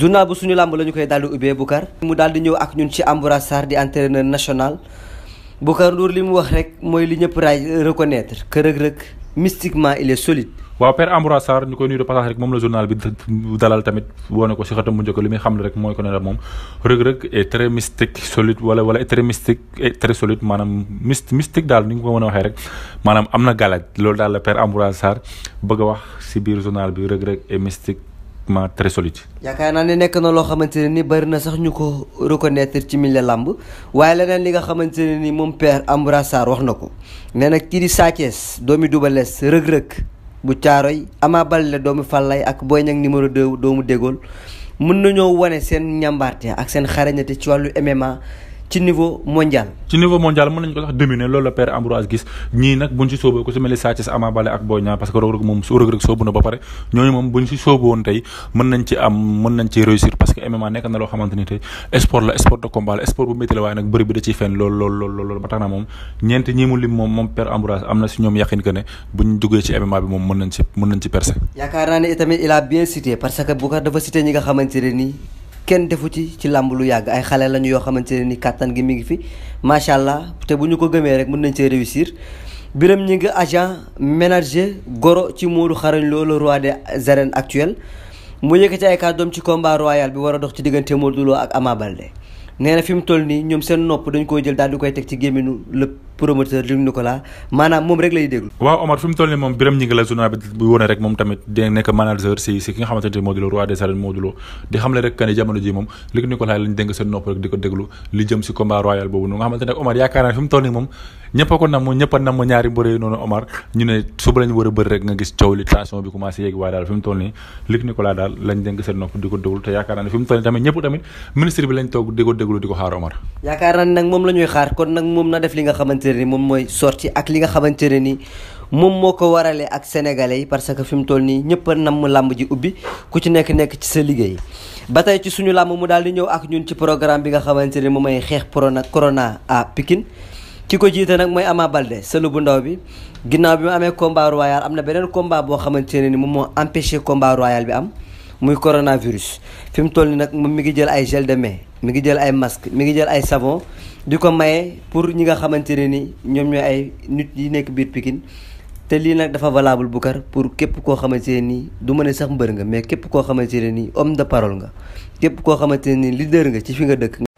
journal bu suñu làmb la ñu koy daal di ubbee Boucar mu daal di ñëw ak ñun ci Ambroise Sarr di entraîneur national Boucar Ndour li mu wax rek mooy li ñëpp raay reconnaître que Reug Reug mystiquement il est solide waaw Père Ambroise Sarr ñu koy nuyu de passage rek moom la journal bi dalal tamit wone ko si xatam bu njëkk li muy xam rek mooy ko ne la moom Reug Reug est mystique solide wala wala est très mystique et très solide maanaam myst mystique daal ni nga ko mën a waxee rek maanaam am na gàllaaj loolu daal la Père Ambroise Sarr bëgg a si biir journal bi Reug Reug est pratiquement très yaakaar naa ne nekk na loo xamante ne ni bari na sax ñu ko reconnaître ci milieu làmb waaye leneen li nga xamante ne ni moom per Ambra wax na ko nee na kii di Sa Thiès doomi Double Less rëg-rëg bu caaroy Ama Baldé doomu Fallay ak booy Niang numéro 2 doomu Dégol mën nañoo wane seen ñambaarte ak seen xarañate ci wàllu MMA ci niveau mondial. mën nañu ko sax dominer loolu la père gis ñii nag buñ si sóoboo ku si mel ni Sa Thiès Ama Baldé ak Boy parce que Reug Reug moom Reug Reug sóobu na ba pare ñooñu moom buñ si sóobu woon tey mën nañ ci am mën nañ ci réussir parce que MMA nekk na loo xamante tey sport la sport de combat la sport bu métti la waaye nag bëri bi da ciy fenn lool lool lool lool tax na moom ñeent ñii mu lim moom moom père Ambroise am na kenn defu ci ci làmb lu yàgg ay xale lañu yoo xamante ne ni kàttan gi mu ngi fi macha allah te bu ñu ko gëmee rek mën nañ cee réussir biram ñi ngi agent ménager goro ci Modou Xarañ Lo le roi des arènes actuel mu yëkkati ay kàddoom ci combat royal bi war dox ci diggante Modou Lo ak Ama Baldé nee na fi mu toll nii ñoom seen nopp dañ koy jël daal di koy teg ci gémminu lëpp promoteur Luc Nicolas maanaam moom rek lay déglu. waaw Omar fi toll nii moom Birame Gningue la journal bi bu wone rek moom tamit di nekk manager si ki nga xamante ne moo di le roi des moom Luc Nicolas li nga xamante xamante ne moom mooy sorti ak li nga xamante ne ni moom moo ko warale ak sénégalais yi parce que fi mu toll nii ñëpp a namm làmb ji ubbi ku ci nekk nekk ci sa liggéey ba tey ci suñu làmb mu daal di ñëw ak ñun ci programme bi nga xamante ne moom mooy xeex corona corona à Pikine ki ko jiite nag mooy Ama Baldé sëlu bu ndaw bi ginnaaw bi mu amee combat royal am na beneen combat boo xamante ne ni moom moo empêché combat royal bi am muy coronavirus fi mu toll nii nag moom mi ngi jël ay gel de main mi ngi jël ay masque mi ngi jël ay savon di ko maye pour ñi nga xamante ne ni ñoom ñooy ay nit yi nekk biir Pikine te lii nag dafa valable Boucar pour képp koo xamante ne nii du ma ne sax mbër nga mais képp koo xamante ne nii homme de parole nga képp koo xamante ne nii leader nga ci fi nga dëkk.